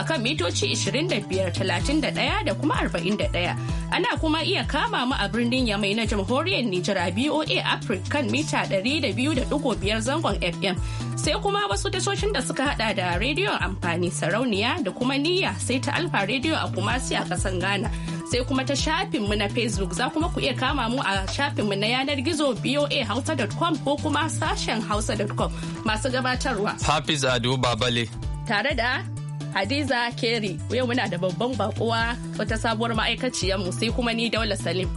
akan mitoci 25,31 da kuma 41. ana kuma iya kama mu a birnin yamai na jamhuriyar Nijar a BOA Africa kan mita 200.5 zangon FM sai kuma wasu tashoshin da suka hada da rediyon amfani sarauniya da kuma niyya sai ta alfa rediyo a kumasi a kasan Ghana sai kuma ta shafinmu na Facebook za kuma ku iya kama mu a shafinmu na yanar gizo boahausa.com ko kuma sashen hausa.com masu gabatarwa. Hafiz Ado Babale. Tare da Hadiza Keri yau muna da babban bakuwa wata sabuwar ma'aikaciyar mu sai kuma ni Daula Salim.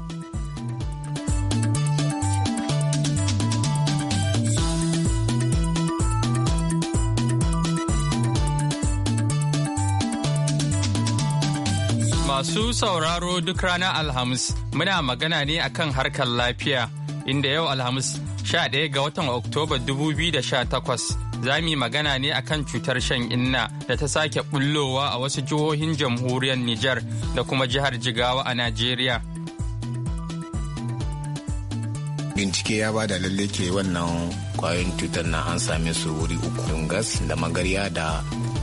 Masu sauraro duk ranar Alhamis muna magana ne akan harkar lafiya inda yau Alhamis 11 ga watan Oktoba 2018 za mu yi magana ne akan cutar shan inna da ta sake bullowa a wasu jihohin jamhuriyar Nijar da kuma jihar Jigawa a Najeriya. Bincike ya bada lalle ke wannan kwayoyin cutar na an same su wuri uku gas da magarya da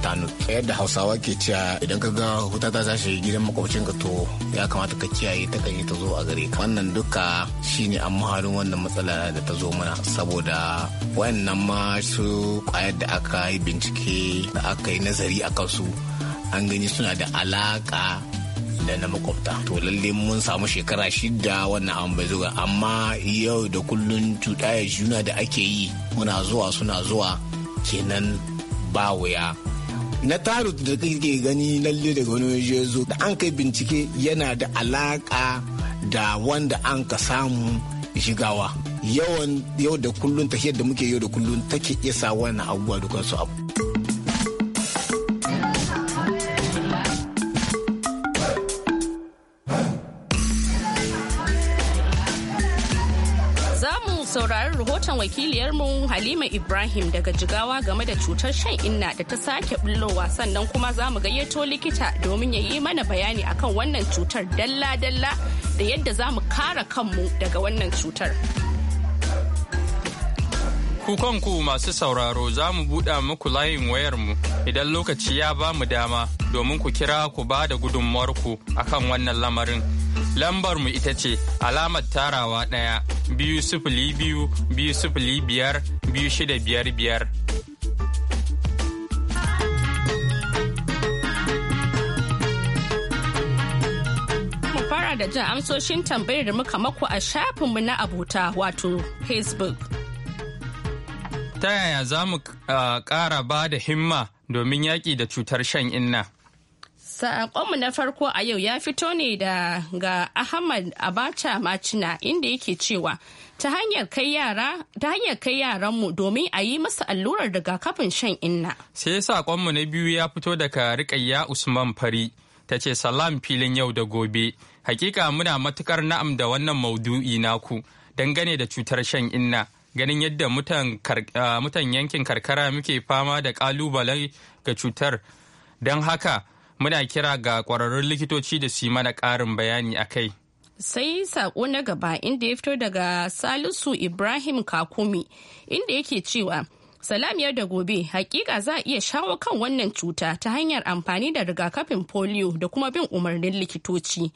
tanu yadda hausawa ke cewa idan ka ga wuta ta tashi gidan makwabcin ka to ya kamata ka kiyaye ta kan yi ta zo a gare ka wannan duka shine an maharin wannan matsala da ta zo mana saboda wayannan ma su kwayar da aka yi bincike da aka yi nazari a kansu an gani suna da alaka da na makwabta to lalle mun samu shekara shida wannan an bai zuwa amma yau da kullun tuɗaya juna da ake yi muna zuwa suna zuwa kenan ba wuya na tarut da kake gani lalle daga wani waje zo da an kai bincike yana da alaka da wanda an ka samu shigawa yawan yau da kullun tafiyar da muke yau da kullun take iya sa wannan abubuwa dukansu abu saurari rahoton wakiliyar wakiliyarmu Halima Ibrahim daga Jigawa game da cutar shan inna da ta sake bullowa sannan kuma za mu gayyato likita domin ya yi mana bayani akan wannan cutar dalla-dalla da yadda za mu kare kanmu daga wannan cutar. Kukanku masu sauraro za mu buɗa muku layin wayarmu idan lokaci ya ba mu dama domin ku kira ku ba da gudunmuwarku akan wannan lamarin. lambar mu ita ce alamar tarawa ɗaya biyu sufuli biyu biyu sufuli biyar biyu shida biyar biyar. Mu fara da jin amsoshin tambayar da muka mako a shafinmu na abota wato Facebook. Ta yaya za mu ah, ƙara ba da himma domin yaƙi da cutar shan inna? Sakonmu na farko a yau ya fito ne daga Ahmad Abacha Macina inda yake cewa ta hanyar kai yaranmu domin a yi masa allurar rigakafin shan inna. Sai sakonmu na biyu ya fito daga riƙayya Usman Fari ta ce salam filin yau da gobe. Hakika muna matukar na'am da wannan maudu'i naku dangane da cutar shan inna. ganin yadda mutan yankin karkara muke fama da ƙalubale ga cutar don haka muna kira ga kwararrun likitoci da su yi mana ƙarin bayani a kai. sai saƙo na gaba inda ya fito daga salisu ibrahim kakumi inda yake cewa salamiyar da gobe hakika za a iya shawo kan wannan cuta ta hanyar amfani da rigakafin polio da kuma bin umarnin likitoci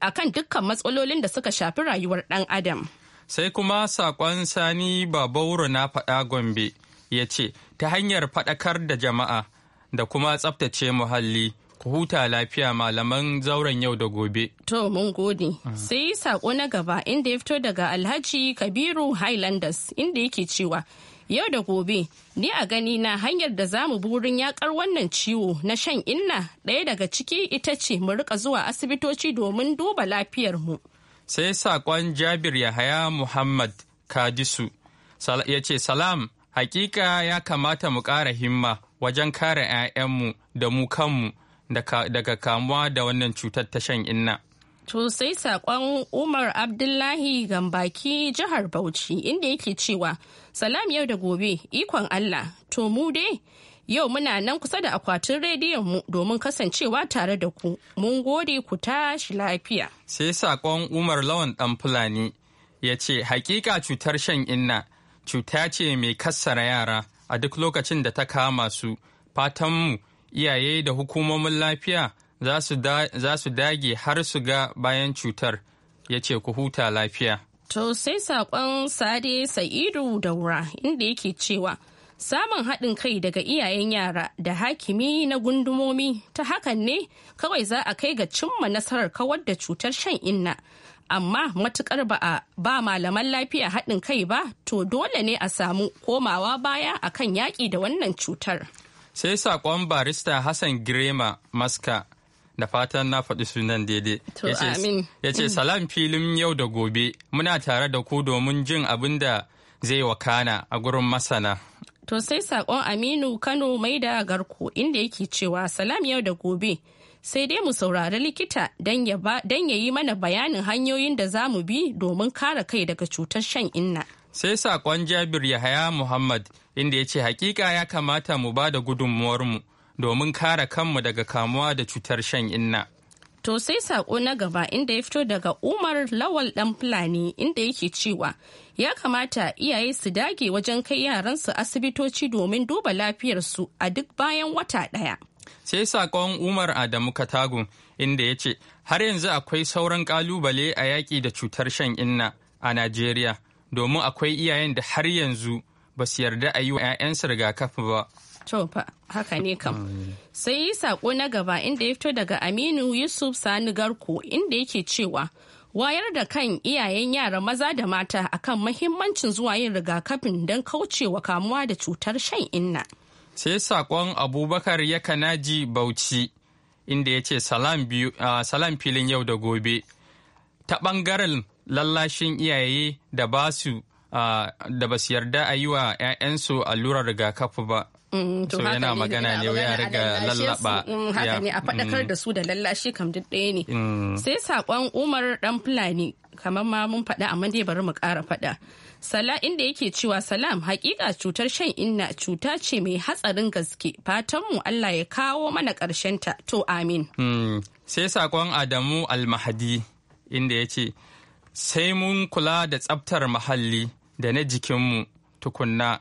akan dukkan matsalolin da suka shafi rayuwar ɗan adam sai kuma saƙon sani babauro na faɗa gombe ya ce ta hanyar faɗakar da jama'a da kuma tsaftace muhalli. ku huta lafiya malaman zauren yau da gobe. To mun gode. Sai saƙo na gaba inda ya fito daga Alhaji Kabiru Highlanders inda yake cewa yau da gobe ni a gani na hanyar da zamu burin yakar wannan ciwo na shan inna ɗaya daga ciki ita ce mu rika zuwa asibitoci domin duba lafiyar mu. Sai saƙon Jabir Yahaya Muhammad Kadisu ya ce salam hakika ya kamata mu ƙara himma wajen kare 'ya'yanmu da mu kanmu daga kamuwa da wannan cutar ta shan inna. To sai saƙon Umar Abdullahi Gambaki jihar Bauchi inda yake cewa salam yau da gobe ikon Allah to mu dai yau muna nan kusa da akwatin rediyon mu domin kasancewa tare da ku mun gode ku tashi lafiya. Sai saƙon Umar Lawan ɗan Fulani ya ce hakika cutar shan inna cuta ce mai kassara yara a duk lokacin da ta kama su fatanmu iyaye da hukumomin lafiya za su dage har su ga bayan cutar ya ce ku huta lafiya to sai saƙon sade sa'idu daura inda yake cewa samun haɗin kai daga iyayen yara da hakimi na gundumomi ta hakan ne kawai za a kai ga cimma nasarar kawar da cutar shan inna amma matukar ba a ba malaman lafiya haɗin kai ba to dole ne a samu komawa baya a kan yaƙi da wannan cutar. Sai saƙon barista Hassan Girema Maska da fatan na faɗi sunan daidai. Ya ce salam filin yau da gobe muna tare da ku domin jin abin da zai wakana a gurin masana. To sai saƙon Aminu Kano mai da garko inda yake cewa salam yau da gobe. sai dai mu saurari likita don ya yi mana bayanin hanyoyin da za mu bi domin kare kai daga cutar shan inna. Sai saƙon Jabir Yahaya Muhammad inda ya ce hakika ya kamata mu ba da mu domin kare kanmu daga kamuwa da cutar shan inna. To sai saƙo na gaba inda ya fito daga Umar Lawal ɗan Fulani inda yake cewa ya kamata iyaye su dage wajen kai yaransu asibitoci domin duba lafiyarsu a duk bayan wata ɗaya. sai saƙon umar adamu katagu inda ya ce har yanzu akwai sauran ƙalubale a yaƙi da cutar shan inna a najeriya domin akwai iyayen da har yanzu ba su yarda a yi wa 'ya'yansu rigakafi ba To haka ne kam. Sai yi saƙo na gaba inda ya fito daga Aminu Yusuf Sani Garko inda yake cewa wayar da kan iyayen yara maza da mata akan mahimmancin zuwa yin rigakafin don kaucewa kamuwa da cutar shan inna. sai saƙon abubakar kanaji bauchi inda ya ce salam filin yau da gobe ta ɓangaren lallashin iyaye da ba su da ba su yarda a yi wa 'ya'yansu allurar rigakafi ba mm, to yana magana ne ya riga lallaba mm, haka ne a faɗakar mm. da su da lallashi kam duk ɗaya ne sai saƙon umar dan fulani kamar ma mun faɗa amma dai bari mu ƙara faɗa. Sala inda yake cewa salam hakika cutar shan inna cuta ce mai hatsarin gaske fatanmu Allah ya kawo mana ta to amin. Hmm, sai sakon Adamu Almahadi inda ya ce sai mun kula da tsabtar muhalli da na jikinmu tukunna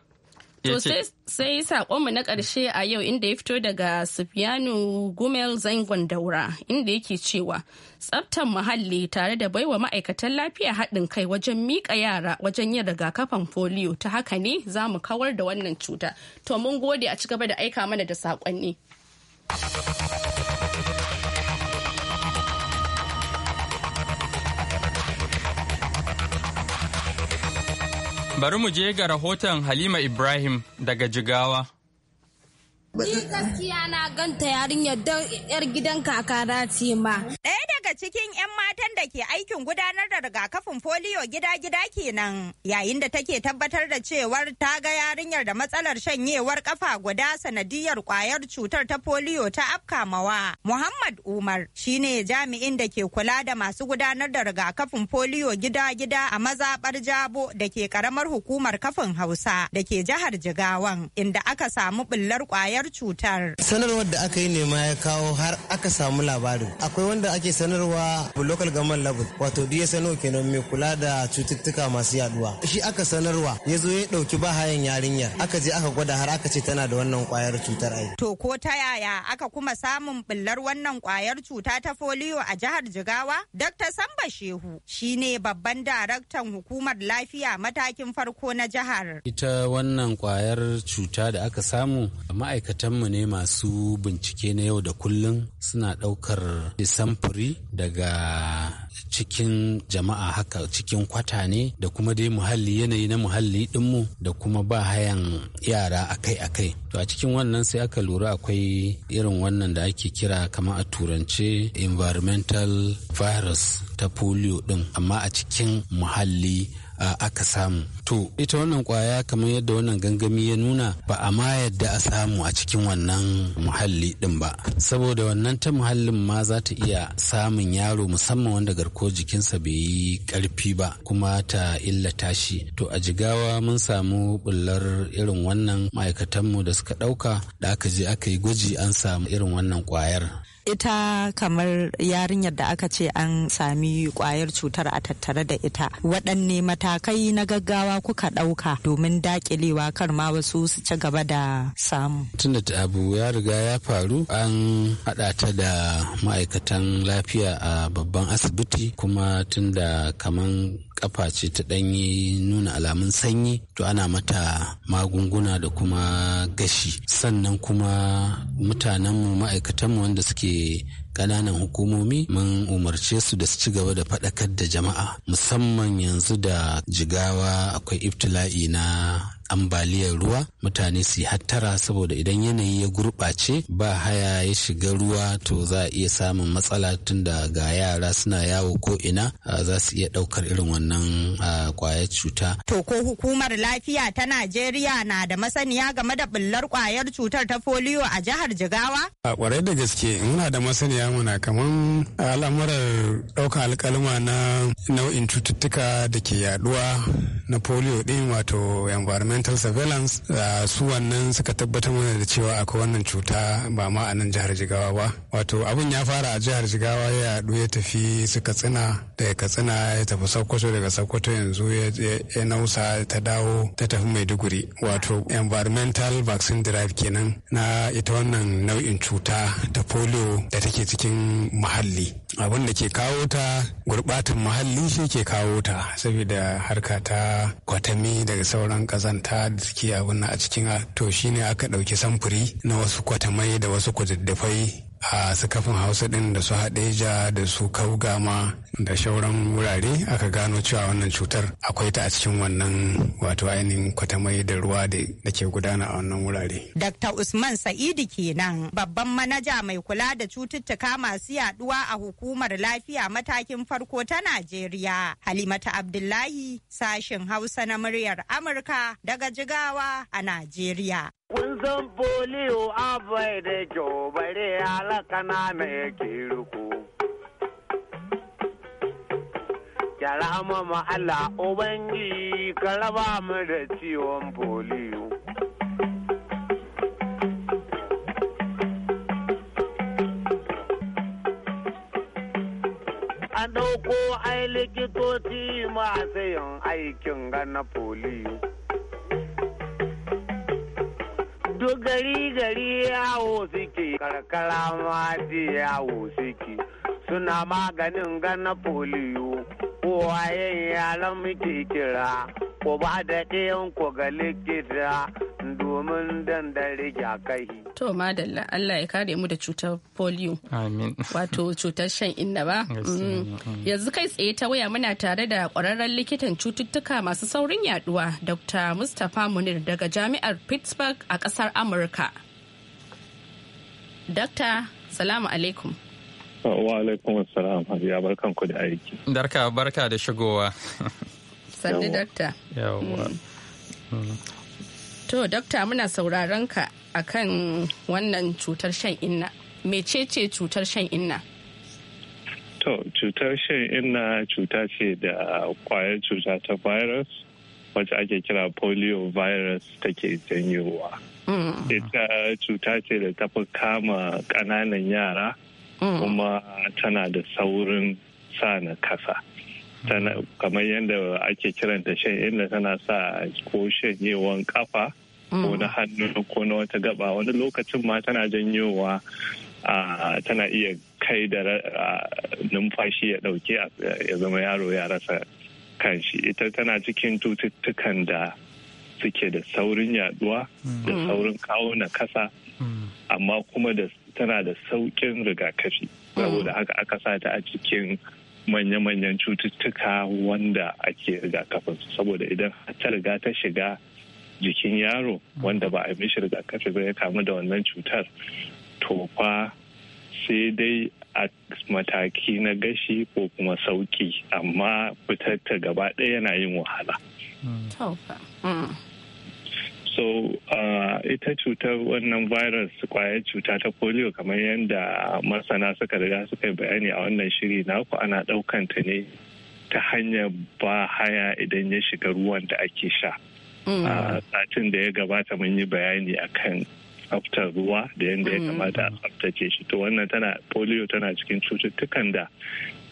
To sai saƙonmu na ƙarshe a yau inda ya fito daga Sufiyanu Gumel Zangon Daura inda yake cewa tsaftar muhalli tare da baiwa ma'aikatan lafiya haɗin kai wajen miƙa yara wajen yin rigakafin foliyo ta haka ne za mu kawar da wannan cuta. To mun gode a ci gaba da aika mana da saƙonni. Bari mu je ga rahoton Halima Ibrahim daga Jigawa. Ni gaskiya na ganta yarinyar yar gidan kaka ce ma. Ɗaya daga cikin 'yan matan da ke aikin gudanar da rigakafin foliyo gida-gida kenan yayin da take tabbatar da cewar ta ga yarinyar da matsalar shanyewar kafa guda sanadiyar kwayar cutar ta foliyo ta afkamawa. Muhammad Umar shine jami'in da ke kula da masu gudanar da rigakafin foliyo gida-gida a mazabar Jabo da ke karamar hukumar kafin Hausa da ke jihar Jigawan inda aka samu bullar kwayar cutar. Sanarwar da aka yi nema ya kawo har aka samu labarin. Akwai wanda ake sanar sanarwa local government level wato DSNO kenan mai kula da cututtuka masu yaduwa shi aka sanarwa ya zo ya dauki bahayan yarinyar aka je aka gwada har aka ce tana da wannan kwayar cutar ai to ko ta yaya aka kuma samun bullar wannan kwayar cuta ta folio a jihar Jigawa Dr. Samba Shehu shine babban daraktan hukumar lafiya matakin farko na jihar ita wannan kwayar cuta da aka samu ma'aikatanmu ne masu bincike na yau da kullum suna ɗaukar disamfuri. daga cikin jama'a haka cikin kwata ne da kuma dai muhalli yanayi na muhalli dinmu da kuma ba hayan yara akai-akai to a cikin wannan sai aka lura akwai irin wannan da ake kira kama a turance environmental virus ta polio din amma a cikin muhalli aka samu to ita wannan kwaya kamar yadda wannan gangami ya nuna ba a ma yadda a samu a cikin wannan muhalli din ba saboda wannan ta muhallin ma za ta iya samun yaro musamman wanda garko jikinsa bai yi karfi ba kuma ta illata shi to a jigawa mun samu bullar irin wannan ma'aikatanmu da suka ɗauka da aka je aka yi gwaji an samu irin wannan kwayar ita kamar yarinyar da aka ce an sami kwayar cutar a tattare da ita waɗanne matakai na gaggawa kuka ɗauka domin daƙilewa kar ma wasu su ci gaba da samu tunda abu ya riga ya faru an haɗa ta da ma'aikatan lafiya a babban asibiti kuma tunda kaman kafa ce ta ɗanyi nuna alamun sanyi to ana mata magunguna da kuma gashi sannan kuma mutanenmu ma'aikatanmu wanda suke Kananan hukumomi mun umarce su da su ci gaba da faɗakar da jama'a musamman yanzu da jigawa akwai iftila'i na ambaliyar ruwa mutane su hattara saboda idan yanayi ya gurɓace ba haya ya shiga ruwa to za a iya samun matsala tun da ga yara suna yawo ko ina za su iya ɗaukar irin wannan kwayar cuta. To ko hukumar lafiya ta Najeriya na da masaniya game da bullar kwayar cutar ta foliyo a jihar Jigawa? A kwarai da gaske muna da masaniya muna kaman al'amurar ɗaukar alƙaluma na nau'in cututtuka da ke Yaɗuwa na foliyo ɗin wato environment environmental surveillance uh, su wannan suka tabbatar mana da cewa akwai wannan cuta ba ma a nan jihar jigawa ba wato abin ya fara a jihar jigawa ya yaɗu ya tafi su katsina ya katsina ya tafi sokoto daga sokoto yanzu ya nausa ta dawo ta tafi maiduguri wato environmental vaccine drive kenan na ita wannan nau'in cuta ta polio da take cikin muhalli abin da ke kawo ta gurbatan muhalli shi ke kawo ta saboda harka ta kwatami daga sauran kazanta mata da suke abin a cikin to shine aka ɗauki samfuri na wasu kwatamai da wasu kududdufai a sakafin hausa din da su haɗeja da su kaugama da shauran wurare aka gano cewa wannan cutar akwai ta a cikin wannan wato ainihin kwatamai da ruwa da ke gudana a wannan wurare. Dr. Usman Sa'idu kenan babban manaja mai kula da cututtuka masu yaduwa a hukumar lafiya matakin farko ta Najeriya. Halimata Abdullahi sashen Hausa na muryar Amurka daga Jigawa a Najeriya. kun san foliyo abai da kyau bare alaka na mai kirku. Yara mama Allah Ubangi ka raba mu da ciwon foliyo. An ɗauko ai likitoci masu yin aikin na foliyo. duk gari gari yawo suke karkara ma yawo suke suna maganin gana polio kowa yayin yaran muke kira ko ba da ɗayan ko ga likita domin dandare kai. To madalla Allah ya kare mu da cutar polio. Amin. Wato cutar shan inna ba. Mm. Mm. Yanzu kai tsaye ta waya muna tare da kwararren likitan cututtuka masu saurin yaduwa Dr. Mustapha Munir daga Jami'ar Pittsburgh a kasar Amurka. Dokta, salamu alaikum. Wa alaikum salam, ya barkan ku da aiki. Darka barka da shigowa. Sannu, dokta. Yawwa. Mm. To, dokta muna sauraron ka akan wannan cutar shan inna. ce cutar shan inna? To, cutar shan inna cuta ce da kwayar cuta ta virus wacce ake kira polio virus take janyowa. Mm. Ita cuta ce da tafi kama ƙananan yara mm. kuma tana da saurin sa na kasa. kamar yadda ake kiranta shan inna tana sa ko shanyewan kafa ko mm. na hannu ko na wata gaba wani lokacin ma tana janyowa tana iya kai da numfashi ya dauke ya zama yaro ya rasa kanshi ita tana cikin cututtukan da suke da saurin yaduwa mm. da mm. saurin kawo na kasa amma kuma tana da saukin rigakafi saboda haka aka sa ta a cikin manya-manyan cututtuka wanda ake rigakafin saboda idan ta riga ta shiga jikin yaro wanda ba a yi mishi rigakafi ba ya kamu da wannan cutar to fa sai dai a mataki na gashi ko kuma sauki amma fitar ta gaba ɗaya yana yin wahala. Mm. so ita cutar wannan virus kwayar cuta ta polio kamar yadda masana suka riga suka yi bayani a wannan shiri naku ana ɗaukan ne ta hanyar ba haya idan ya shiga ruwan da ake sha Mm. a satin da ya gabata mun yi bayani a kan tsaftar ruwa da yadda ya mm. kamata a tsaftace shi to wannan tana polio tana cikin cututtukan da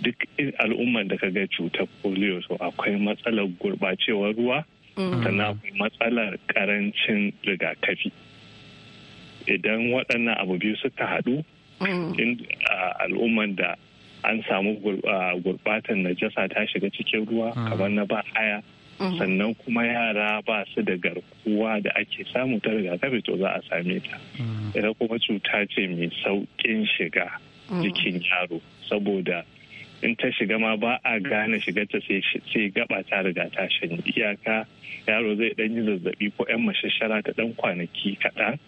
duk al'ummar da kaga cutar polio to akwai matsalar gurɓacewar ruwa mm. sannan akwai matsalar karancin rigakafi idan waɗannan abu biyu suka haɗu al'ummar da an samu gurbatan najasa ta shiga cikin ruwa kamar na ba haya Mm-hmm. sannan kuma yara ba su da garkuwa da ake samu ta rigakafi to za a same ta mm-hmm. ita kuma cuta ce mai sauƙin shiga mm-hmm. jikin yaro saboda in ta shiga ma ba a gane shigarta sai gaba ta riga ta shanye iyaka yaro zai dan yi zazzabi ko yan mashashara ta dan kwanaki kaɗan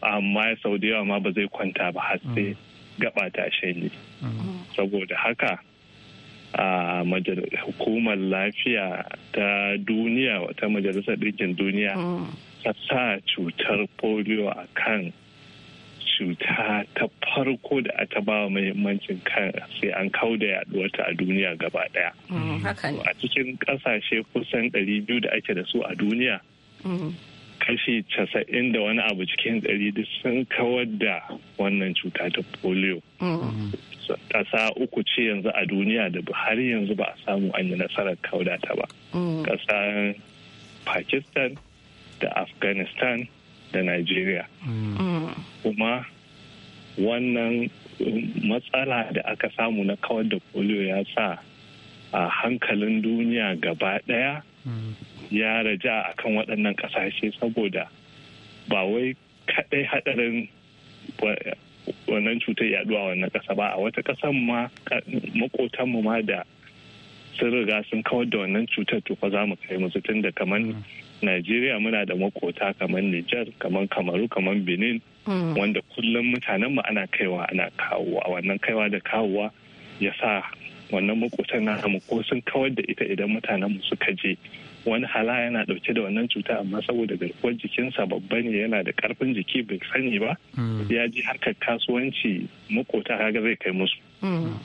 amma sau da yawa ma ba zai kwanta ba har sai gaba ta shanye saboda haka a hukumar lafiya ta duniya wata majalisar ɗinkin duniya mm. ta sa cutar polio a kan cuta ta farko da aka ba muhimmancin kan sai an kau da yaduwarta a duniya gaba daya. Mm, a cikin ƙasashe kusan 200 da ake da su a duniya. Mm. kashi casa'in da wani abu cikin ɗari duk sun kawar da wannan cuta ta polio mm. ƙasa uku ce yanzu a duniya da har yanzu ba a samu an yi nasarar ta ba mm. ƙasar pakistan da afghanistan da nigeria mm. kuma wannan matsala da aka samu na kawar da polio ya sa a hankalin duniya gaba ɗaya ya raja a kan waɗannan ƙasashe saboda ba wai kaɗai haɗarin wannan cutar yaduwa wannan ƙasa ba a wata ƙasan ma mu ma da sun riga sun kawar da wannan cutar to fa za mu kai musu tun da kamar mm. Najeriya muna da makota kamar Nijar kamar Kamaru kamar Benin mm. wanda kullum mutanen mu ana kaiwa ana kawowa wannan kaiwa da kawowa ya sa wannan makotan na ko sun kawar da ita idan mutanen mu suka je wani hala yana dauke da wannan cuta amma saboda garkuwar jikinsa babba ne yana da karfin jiki bai sani ba hmm. ya ji harkar kasuwanci makota kaga zai kai musu hmm.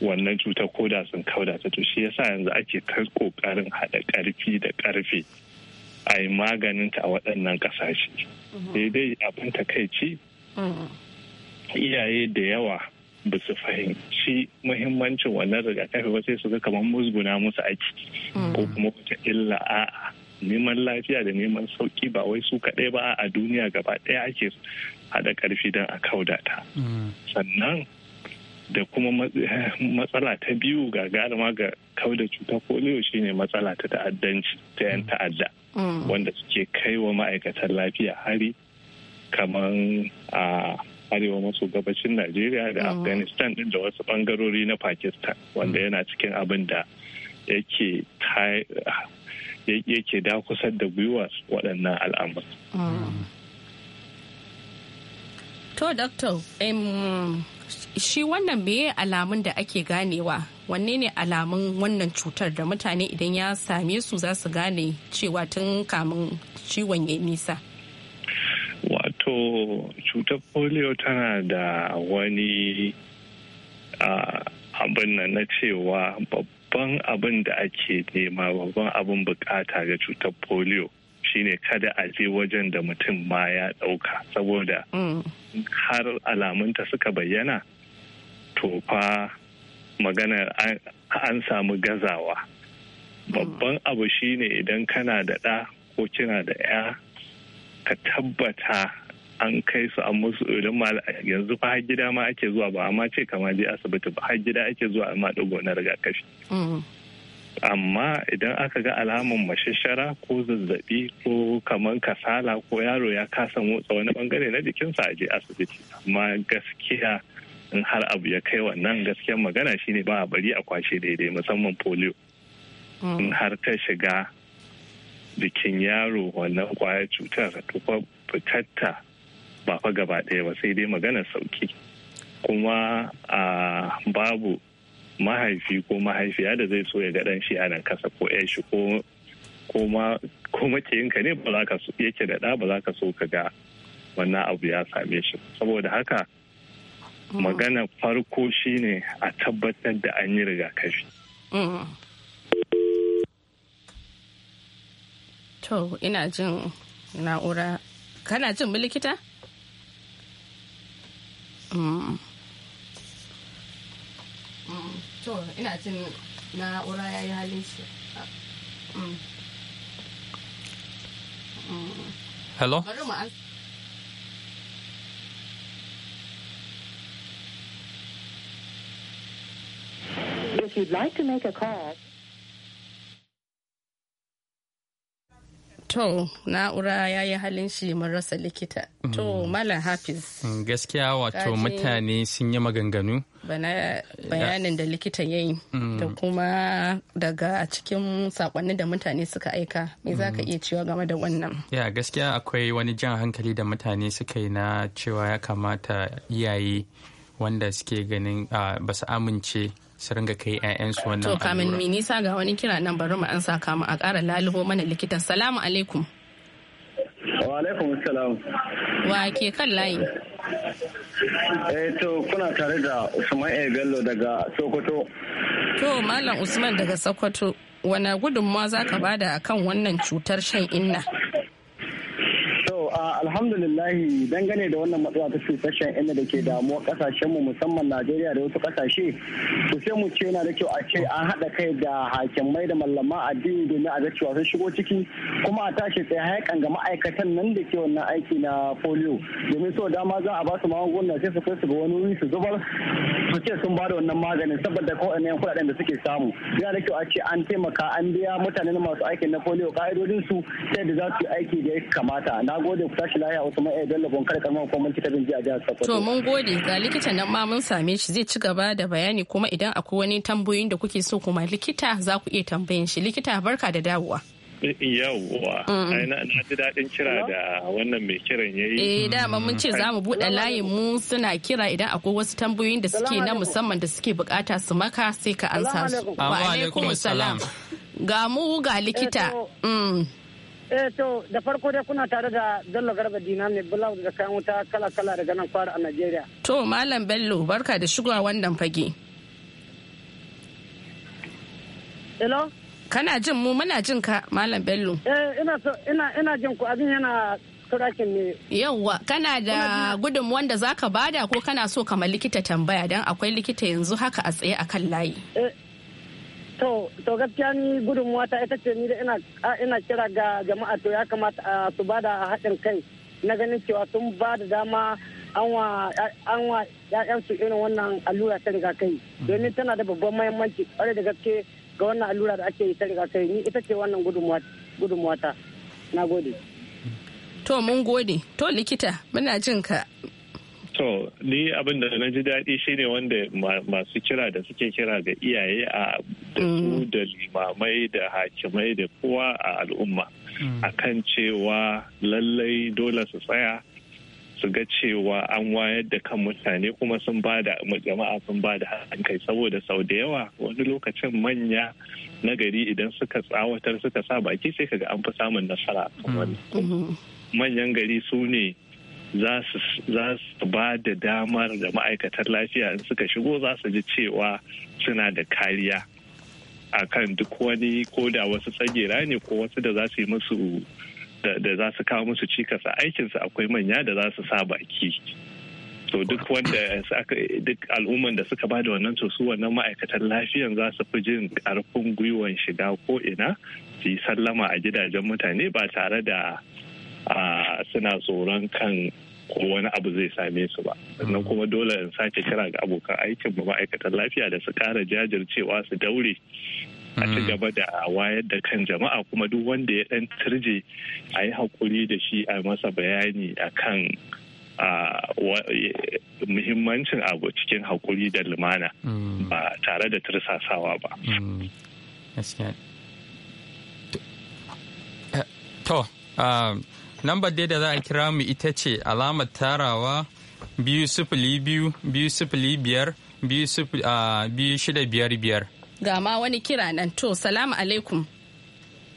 wannan cuta ko da sun kauda ta to shi yasa yanzu ake kai kokarin haɗa karfi da karfe a yi maganin ta a waɗannan ƙasashe. daidai hmm. dai abin takaici iyaye da yawa ba su fahimci muhimmancin wannan rigakafi ba sai su ga kamar musguna musu aiki mm. ko kuma wata illa a'a neman lafiya da neman sauki ba wai su kaɗai ba a duniya gaba ɗaya ake haɗa ƙarfi don a kaudata mm. sannan da kuma matsala ta biyu ga gagarima ga kauda cuta polio shine matsala ta ta'addanci ta yan mm. ta'adda wanda suke kai wa ma'aikatan lafiya hari kamar a arewa maso gabashin najeriya da afghanistan din da wasu bangarori na pakistan wanda yana cikin abin da yake yake dakusar da gwiwa waɗannan al'amur. Mm. To, Dr. shi wannan meye alamun da ake ganewa? Wanne ne alamun wannan cutar da mutane idan ya same su za su gane cewa tun kamun ciwon ya nisa? to cutar polio tana da wani abin nan na cewa babban abin da ake nema babban abin bukata ga cutar polio shine kada a je wajen da mutum ma ya dauka saboda mm. har alamunta suka bayyana to fa magana an samu gazawa babban abu shine idan kana da ɗa ko kina da 'ya ka tabbata an kai su a musu idan yanzu fa har gida ma ake zuwa ba amma ce kama je asibiti ba har gida ake zuwa amma ɗigo na rigakafi. Mm. amma idan aka ga alamun mashashara ko zazzabi ko kamar kasala ko yaro ya kasa motsa wani bangare na jikinsa a je asibiti amma gaskiya in har abu ya kai wannan gaskiyar magana shine ba a bari a kwashe daidai musamman polio mm. in har ta shiga jikin yaro wannan kwayar cutar ta fitatta ba fa gaba ɗaya ba sai dai magana sauki kuma a babu mahaifi ko mahaifiya da zai so ya ga ɗan shi a nan kasa ko ya shi ko kuma ko maciyinka ne ba za ka so yake da ɗa ba za ka so ka ga wannan abu ya same shi saboda haka mm. magana farko shine a tabbatar da an yi rigakafi mm. to ina jin na'ura kana jin likita? Mm. To, ina cin ya yi halin shi. Hello? If you'd like to make a call, To, na'ura ya yi halin shi mun rasa likita. To, mm. Malam Hafiz. Mm, gaskiya wato mutane sun yi maganganu. bayanin da likita ya yi mm. da kuma daga cikin sakonni da mutane suka aika. Me za ka iya cewa game da wannan? Ya gaskiya akwai wani jan hankali da mutane suka yi na cewa ya kamata iyaye wanda suke ganin ba su amince su ringa kai 'ya'yansu wannan to kamin mi nisa ga wani kira nan bari mu an saka mu a ƙara lalubo mana likitan salamu alaikum wa alaikum salam wa ke kan layi eh to kuna tare da usman Egallo daga sokoto to malam usman daga sokoto wana gudunmawa za ka bada kan wannan cutar shan inna alhamdulillahi dangane da wannan matsala ta cutar inda da ke damuwa kasashen mu musamman najeriya da wasu kasashe to sai mu ce yana da kyau a ce an haɗa kai da hakimai da mallama addini domin a ga cewa sun shigo ciki kuma a tashi tsaye hayakan ga ma'aikatan nan da ke wannan aiki na polio domin so dama za a ba su magunguna sai su kai su ga wani wuri su zubar su ce sun ba da wannan maganin saboda kowane kuɗaɗen da suke samu yana da kyau a ce an taimaka an biya mutane masu aikin na polio ka'idodin su sai da za su yi aiki da ya kamata na gode ku tashi ma'a Usman A Bello Bonkar karamar hukumar ta bin jiya jihar Sokoto. To mun gode ga likitan nan ma mun same shi zai ci gaba da bayani kuma idan akwai wani tambayoyin da kuke so kuma likita za ku iya tambayin shi likita barka da dawowa. yawwa mm. na ji daɗin kira da wannan mai kiran ya yi eh, dama mun ce za mu buɗe layin mu suna kira idan akwai wasu tambayoyin da suke na musamman da suke bukata su maka sai ka ansa su wa alaikum salam ga mu ga likita eh, mm. eh to da farko dai kuna tare da bello garba dina mai blouse da kayan wuta kala kala daga nan fara a najeriya to malam bello barka da shigowa wannan fage hello kana jin mu muna jin ka malam bello eh ina so ina ina jin ku abin yana tsarakin ne yawwa kana da gudun wanda zaka bada ko kana so kamar likita tambaya dan akwai likita yanzu haka a tsaye akan layi eh To, to gaskiya ni gudunmuwa ta ita ce ni da ina kira ga jama'a to ya kamata su ba da haɗin kai na ganin cewa sun ba da dama an wa ‘ya'yansu irin wannan allura ta rigakai domin tana da babban mahimmanci kwarai da gaske ga wannan allura da ake yi ta rigakai ni ita ce wannan gudunmuwa ta. Na gode. To, mun gode. To, likita, muna jin ka. To, ni abin da na ji daɗi shine wanda masu kira da suke kira ga iyaye a da su mm. da limamai da hakimai da kowa a al'umma mm. a kan cewa lallai dole su tsaya su ga cewa an wayar da kan mutane kuma sun ba da jama'a sun ba da hankali saboda sau da yawa wani lokacin manya na gari idan suka tsawatar suka sa baki sai ka ga an fi samun nasara mm. mm-hmm. manyan gari su ne za su ba da damar da ma'aikatar lafiya in suka shigo za su ji cewa suna da kariya a kan duk wani ko da wasu tsagera ne ko wasu da za su yi musu da za su kawo musu cikas a aikinsu akwai manya da za su sa baki to duk wanda duk al'umman da suka bada wannan to su wannan ma'aikatan lafiyan za su fi jin karfin gwiwan shiga ko ina su yi sallama a gidajen mutane ba tare da suna tsoron kan ko wani abu zai same su ba sannan kuma dole in sake kira ga abokan aikin mu ma'aikatan lafiya da su kara jajircewa su daure a ci mm. gaba da wayar da kan jama'a kuma duk wanda ya dan turje a yi hakuri da shi a masa bayani a kan muhimmancin abu cikin hakuri da lumana mm. ba tare da tursasawa ba mm. to eh, um, Lambar dai da za a kira mu ita ce alamar tarawa biyu sifili biyu biyu sifili biyar biyu shida biyar biyar. Ga ma wani kira nan to salamu alaikum.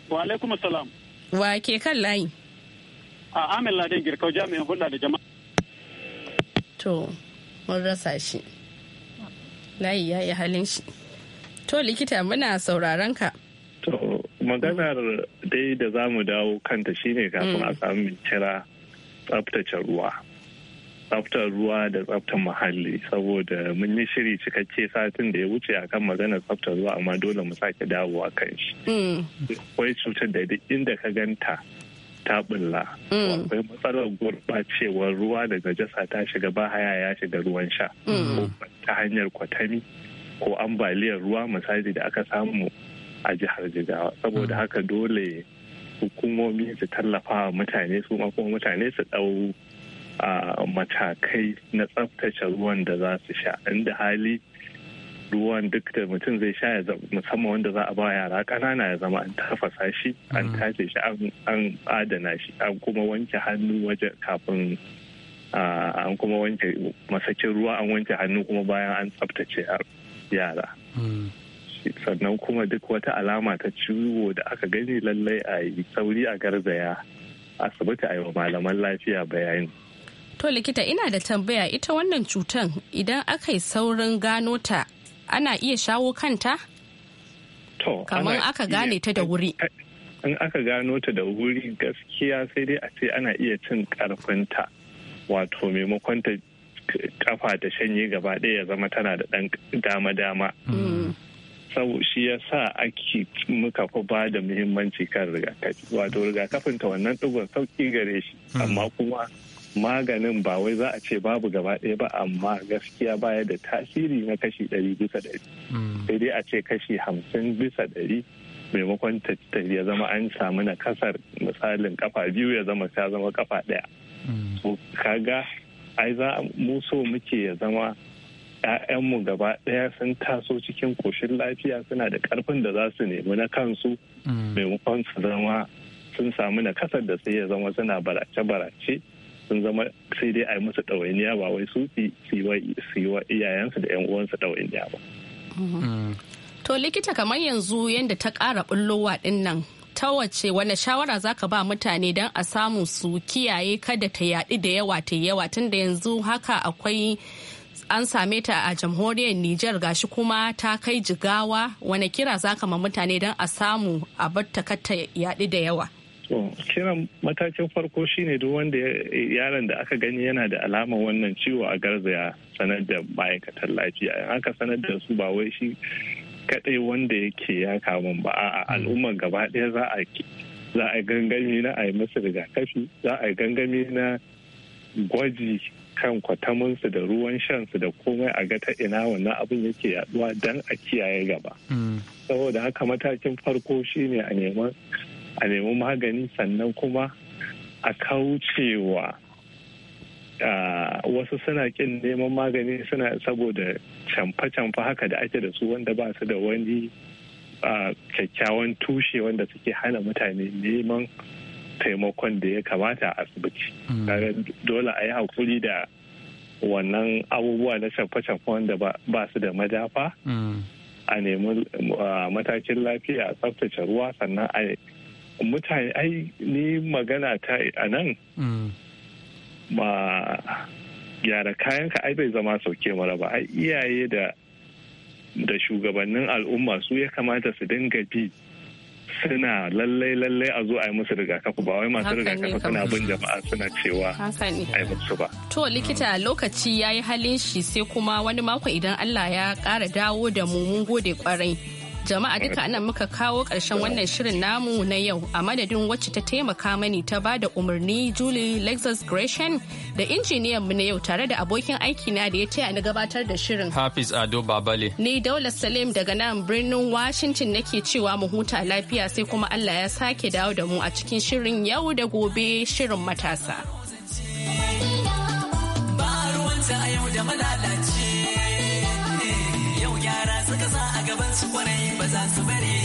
Wa alaikum salam. Wa ke kan layi? A Amin ladin Girkau jami'in hulɗa da jama'a. To, mun rasa shi. Layi ya yi halin shi. To likita muna sauraron ka. maganar dai da za mu dawo kanta shine kafin a samu kira tsabtace ruwa tsabtar ruwa da tsabtar muhalli saboda mun yi shiri cikakke satin da ya wuce akan maganar tsabtar ruwa amma dole mu sake dawowa kan shi akwai cutar da duk inda ka ganta ta bulla akwai matsalar gurɓacewar ruwa daga jasa ta shiga ba haya ya shiga ruwan sha ko ta hanyar kwatami ko ambaliyar ruwa misali da aka samu a jihar jigawa saboda haka dole hukumomi su tallafa mutane su kuma mutane su ɗau matakai na tsaftace ruwan da za su sha inda hali ruwan duk da mutum zai sha ya musamman wanda za a ba yara kanana ya zama an tafasa shi an mm. tace shi an adana shi an kuma wanke hannu waje kafin an kuma wanke masakin ruwa an wanke hannu kuma bayan an tsaftace yara. Mm. sannan kuma duk wata alama ta ciwo da aka gani lallai a yi sauri a garzaya asibiti a yi wa malaman lafiya bayani. To likita ina da tambaya ita wannan cutan idan aka yi saurin gano ta ana iya shawo kanta? To, kamar aka gane ta da wuri. In aka gano ta da wuri gaskiya sai dai a ce ana iya cin karfinta wato maimakon ta kafa ta shanye gaba ɗaya ya zama tana da ɗan dama-dama. Mm. sau shi ya sa ake muka fi ba da muhimmanci kan rigakafi wato rigakafin ta wannan ɗigon sauki gare shi hmm. amma kuma maganin ba wai za a ce babu gaba ɗaya ba amma gaskiya baya da tasiri na kashi ɗari bisa ɗari hmm. sai dai a ce kashi hamsin bisa ɗari maimakon ta ya zama an samu na kasar misalin kafa biyu ya zama ta zama kafa ɗaya hmm. kaga ai za mu so muke ya zama 'ya'yanmu gaba ɗaya sun taso cikin koshin lafiya suna da ƙarfin da za su nemi na kansu mm. maimakon su zama sun samu na kasar da sai ya zama suna barace-barace sun zama sai dai a yi musu ɗawainiya ba wai su yi wa iyayensu da 'yan uwansu ɗawainiya ba. Mm-hmm. Mm. To likita kamar yanzu yadda ta ƙara ɓullowa ɗin nan ta wace wani shawara zaka ba mutane don a samu su kiyaye kada ta yaɗu da yawa ta yawa tunda yanzu haka akwai an same ta a jamhuriyar Nijar gashi kuma ta kai jigawa wani kira za ma mutane don a samu a bar ta yaɗi da yawa. kiran matakin farko shine duk wanda yaron da aka gani yana da alamar wannan ciwo a garzaya sanar da ma'aikatan lafiya in aka sanar da su ba wai shi kadai wanda yake ya kamun ba a mm. al'ummar gaba ɗaya za a za gangami na a yi masa rigakafi za a gangami na gwaji kan kwatamunsu da ruwan shansu da komai a ga ta ina wannan abin yake yaduwa don a kiyaye gaba hmm. saboda haka matakin farko shine a neman magani sannan kuma a kaucewa wasu suna kin neman magani suna saboda camfa-camfa haka da ake da su wanda ba su da wani kyakkyawan tushe wanda suke hana mutane neman taimakon da ya kamata a asibiti mm. dole a yi hakuri da wannan abubuwa na shafe-shafen da ba su da madafa mm. a nemi matakin lafiya a tsaftace ruwa sannan a mutane ai ni magana ta a nan ba mm. gyara kayanka ai bai zama sauke mara ba ai iyaye da shugabannin al'umma su ya kamata su dinga bi suna lallai lallai a zo a yi musu rigakafi ba wai masu rigakafi suna bin jama'a suna cewa a yi musu ba. To likita lokaci ya yi halin shi sai kuma wani mako idan Allah ya ƙara dawo da mu mun gode kwarai. jama'a duka nan muka kawo ƙarshen wannan shirin namu na yau a madadin wacce ta taimaka mani ta ba da umarni julie lexus gresham da injiniyan mu na yau tare da abokin aiki na da ya taya ni gabatar da shirin hafiz ado babale ni daula salim daga nan birnin washington nake cewa mu huta lafiya sai kuma allah ya sake dawo da mu a cikin shirin yau da gobe shirin matasa ba ruwanta a yau da malalaci ba za su bari